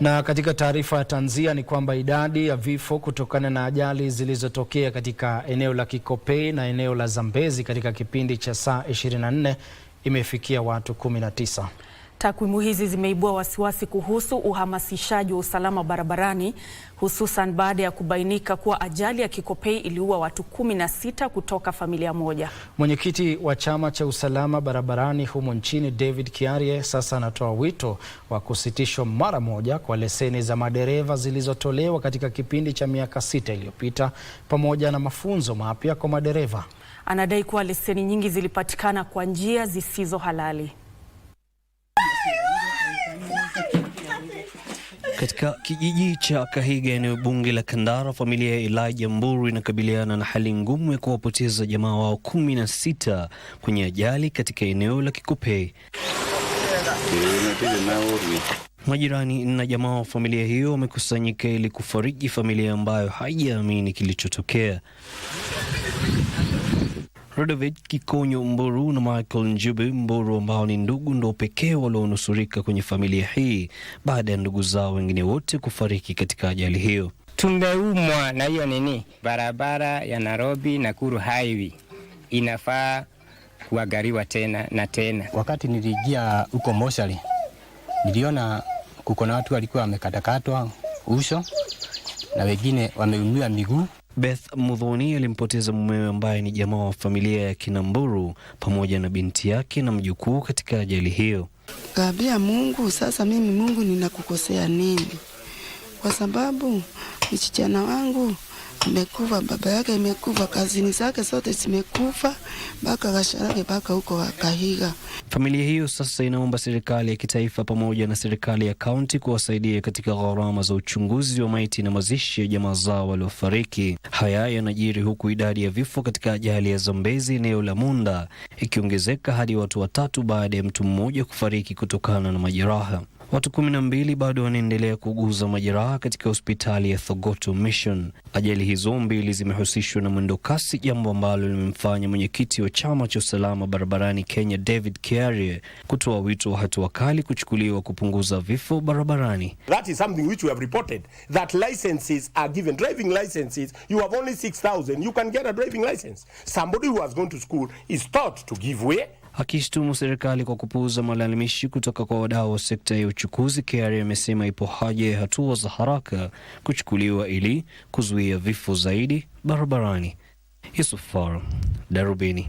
Na katika taarifa ya tanzia ni kwamba idadi ya vifo kutokana na ajali zilizotokea katika eneo la Kikopey na eneo la Zambezi katika kipindi cha saa 24 imefikia watu 19. Takwimu hizi zimeibua wasiwasi kuhusu uhamasishaji wa usalama barabarani hususan baada ya kubainika kuwa ajali ya Kikopey iliua watu kumi na sita kutoka familia moja. Mwenyekiti wa chama cha usalama barabarani humo nchini David Kiarie sasa anatoa wito wa kusitishwa mara moja kwa leseni za madereva zilizotolewa katika kipindi cha miaka sita iliyopita pamoja na mafunzo mapya kwa madereva. Anadai kuwa leseni nyingi zilipatikana kwa njia zisizo halali. Katika kijiji cha Kahiga, eneo bunge la Kandara, familia ya Elijah Mburu inakabiliana na hali ngumu ya kuwapoteza jamaa wao kumi na sita kwenye ajali katika eneo la Kikopey. Majirani na jamaa wa familia hiyo wamekusanyika ili kufariji familia ambayo haijaamini kilichotokea. Radovid Kikonyo Mburu na Michael Njubi Mburu ambao ni ndugu ndo pekee walionusurika kwenye familia hii baada ya ndugu zao wengine wote kufariki katika ajali hiyo. Tumeumwa na hiyo nini, barabara ya Nairobi Nakuru highway inafaa kuagariwa tena na tena. Wakati niliingia huko Moshali, niliona kuko na watu walikuwa wamekatakatwa uso na wengine wameumia miguu Beth Mudhoni alimpoteza mumewe ambaye ni jamaa wa familia ya Kinamburu pamoja na binti yake na mjukuu katika ajali hiyo. Kaambia Mungu, sasa mimi Mungu ninakukosea nini? Kwa sababu msichana wangu amekuva, baba yake imekuva, kazini zake zote zimekuva, mpaka Kasharage mpaka huko wakahiga. Familia hiyo sasa inaomba serikali ya kitaifa pamoja na serikali ya kaunti kuwasaidia katika gharama za uchunguzi wa maiti na mazishi ya jamaa zao waliofariki. Haya yanajiri huku idadi ya vifo katika ajali ya Zambezi eneo la Munda ikiongezeka hadi watu watatu baada ya mtu mmoja kufariki kutokana na majeraha. Watu kumi na mbili bado wanaendelea kuguza majeraha katika hospitali ya Thogoto Mission. Ajali hizo mbili zimehusishwa na mwendo kasi, jambo ambalo limemfanya mwenyekiti wa chama cha usalama barabarani Kenya David Kiarie kutoa wito wa hatua kali kuchukuliwa kupunguza vifo barabarani. That is something which we have reported that licenses are given driving licenses you have only 6000 you can get a driving license somebody who has gone to school is taught to give way akishtumu serikali kwa kupuuza malalamishi kutoka kwa wadau wa sekta ya uchukuzi. KRA amesema ipo haja ya hatua za haraka kuchukuliwa ili kuzuia vifo zaidi barabarani. Yusufar Darubini.